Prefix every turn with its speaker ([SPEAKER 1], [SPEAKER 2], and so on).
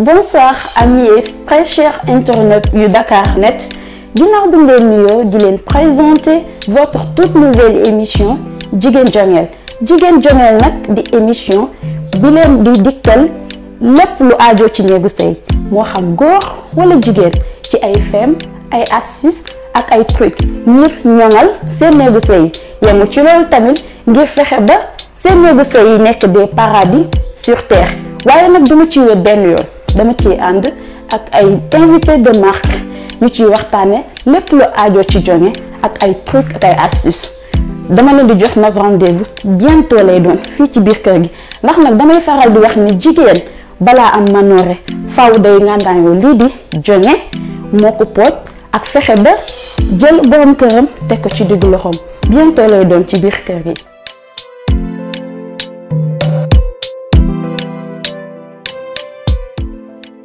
[SPEAKER 1] bonsoir amis et très chers internautes yu Dakar Net ginnaaw bi ngeen nuyoo di leen présenter votre toute nouvelle émission Jigéen Jongeel Jigéen Jongeel nag di émission bi leen di dikkal lépp lu aajo ci néegu sëy moo xam góor wala jigéen ci ay fem ay astuces ak ay truc ngir ñoŋal seen néegu sëy yemu ci loolu tamit ngir fexe ba seen néegu sëy yi nekk des paradis sur terre waaye nag duma ci wet benn yoon dama ci ànd ak ay invité de marque ñu ci waxtaane lépp lu aajo ci jonge ak ay truc ak ay astuce dama leen di jox nag rendez-vous bientôt lay doon fii ci biir kër gi ndax nag damay faral di wax ni jigéen balaa am manoore faw day ngàndaayoo lii di jonge moo ko pooj ak fexe ba jël borom këram teg ko ci diggu loxoom bientôt lay doon ci biir kër gi